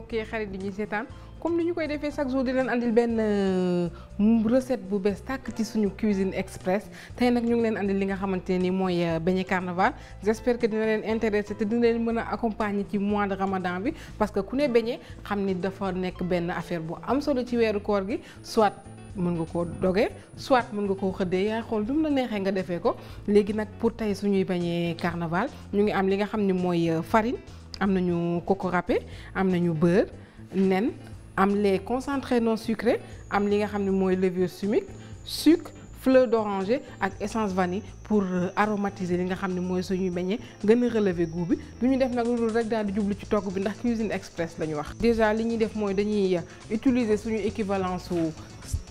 mbokki xarit yi ñuy seetaan comme ni ñu koy defee chaque jour di leen andil benn euh, recette bu bees tàkk ci suñu cuisine express tey nag ñu ngi leen andil li nga xamante ni mooy euh, beignet carnaval j'espère que dina leen intéressé te dina leen mën a accompagner ci mois de ramadan bi parce que ku ne beignet xam ni dafa nekk benn affaire bu am solo ci weeru koor gi soit mën nga koo doge soit mun nga koo xëddee yaa xool du mu la neexee nga defee ko léegi nag pour tey suñuy beignet carnaval ñu ngi am li nga xam ni mooy euh, farine am nañu coco râpé am nañu beurre nen am les concentrés non sucrés am li nga xam moy levure chimique sucre fleur d'oranger ak essence vanille pour euh, aromatiser li nga xam moy suñu suñuy beñe gën relever goût bi lu def nak lu rek daal di jublu ci togg bi ndax cuisine express la wax. déjà li ñuy def moy dañuy euh, utiliser suñu équivalence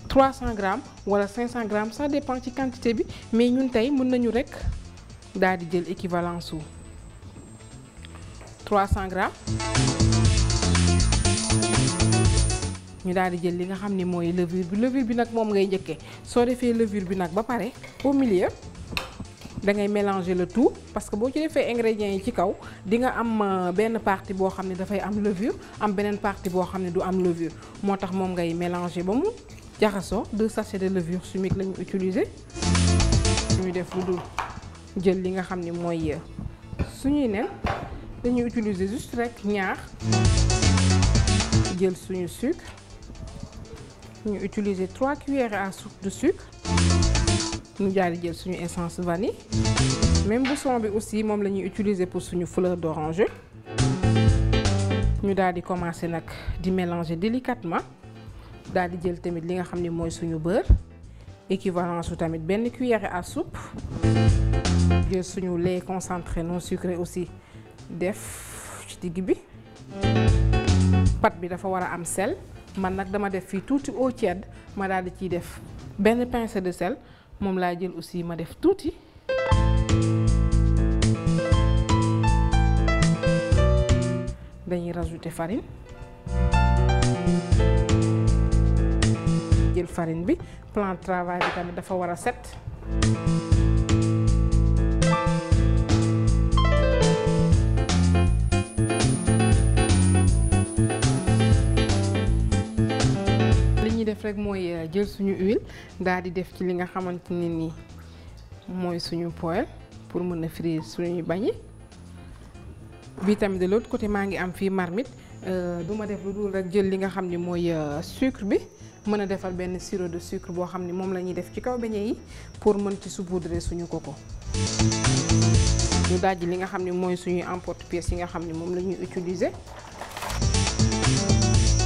300 grammes wala 500 grammes ça dépend ci quantité bi mais ñun tay mën nañu rek daal di jël équivalence 300 grammes ñu daal di jël li nga xam ne levure bi levure bi nag moom ngay njëkkee soo defee levure bi nag ba pare au milieu da ngay mélanger le tout parce que boo ci defee ingrédients yi ci kaw di nga am euh, benn partie boo xam ne dafay am levure am beneen partie boo xam ne du am levure moo tax moom ngay mélanger ba mu jaxasoo deux sachets de levure chimique la ñu utiliser. ñuy def lu dul jël li nga xam ne euh, suñuy nen. Nous utiliser juste rek ñaar jël suñu sucre Nous utiliser 3 cuillères à soupe de sucre Nous daal di jël suñu essence vanille même bousson bi aussi mom lañuy utiliser pour suñu fleur d'oranger Nous allons commencer à di mélanger délicatement Nous di jël tamit li nga xamni moy suñu beurre équivalent su tamit benn cuillère à soupe jël suñu lait concentré non sucré aussi. def ci digg bi pat bi dafa war a am sel man nag dama def fii tuuti eau tiède ma daal di ciy def benn pincée de sel moom laa jël aussi ma def tuuti dañuy rajouter farine jël farine bi plan de bi tamit dafa war a set rek moy euh, jël suñu huile daal di def ci li nga xamanteni ni moy suñu poêle pour mëna a frire suñuy bañi bi tamit de l'autre côté ma ngi am fi marmite euh duma def loolu rek jël li nga xamni moy euh, sucre bi mëna a defar benn sirop de sucre bo xamni mom lañuy def ci kaw beñe yi pour mën ci saupoudrer suñu coco ñu dajji li nga xamni moy suñu emporte-pièce yi nga xamni mom lañuy utiliser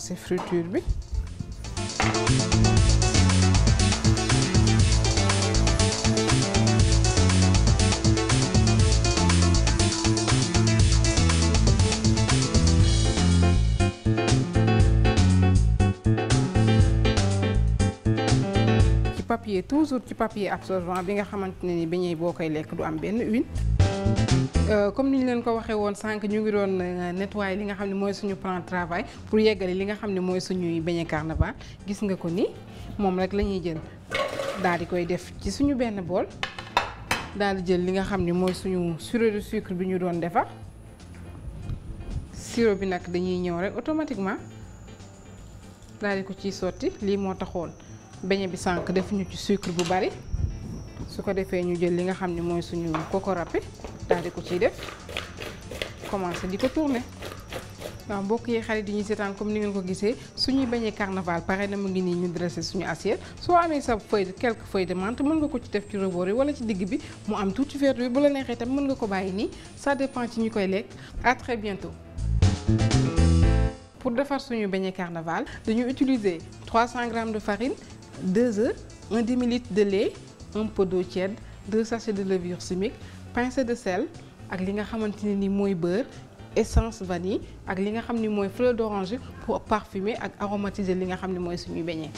commencer friture bi ci papier toujours du papier absorbant bi nga xamante ne ni beignet boo koy lekk du am benn huile Euh, comme niñ leen ko waxé won sank ñu ngi doon euh, nettoyer li nga xamni ne suñu plan travail pour yeggali li nga xamni moy suñu suñuy carnaval gis nga ko ni mom rek lañuy jël daal di koy def ci suñu benn bol daal di jël li nga xamni moy suñu sirop de sucre bi ñu doon defar sirop bi nak dañuy ñëw rek automatiquement daal di ko ci sotti li mo taxoon beñe bi def ñu ci sucre bu bari suko defé ñu jël li nga xamni moy suñu coco râpé daal di ko ciy tourner Dans mbokk yi xarit yi ñu comme ni ngeen ko gisee suñuy bañee carnaval pareil, na mu ngi nii ñu dressé suñu assiette soo amee sa feuille quelques feuilles de menthe mën nga ko ci def ci rebord yi wala ci digg bi mu am tuuti verdure bu la neexee tam mën nga ko bàyyi ça dépend ci ñu koy à très bientôt. pour defar suñu beignet carnaval dañu utiliser 300 g de farine 2 œufs 1 ml de lait un peu d'eau tiède 2 sachets de levure chimique pincée de sel ak li nga xamanteni ni moy beurre essence vanille ak li nga xamni moy fleur d'oranger pour parfumer ak aromatiser li nga xam ni mooy suñuy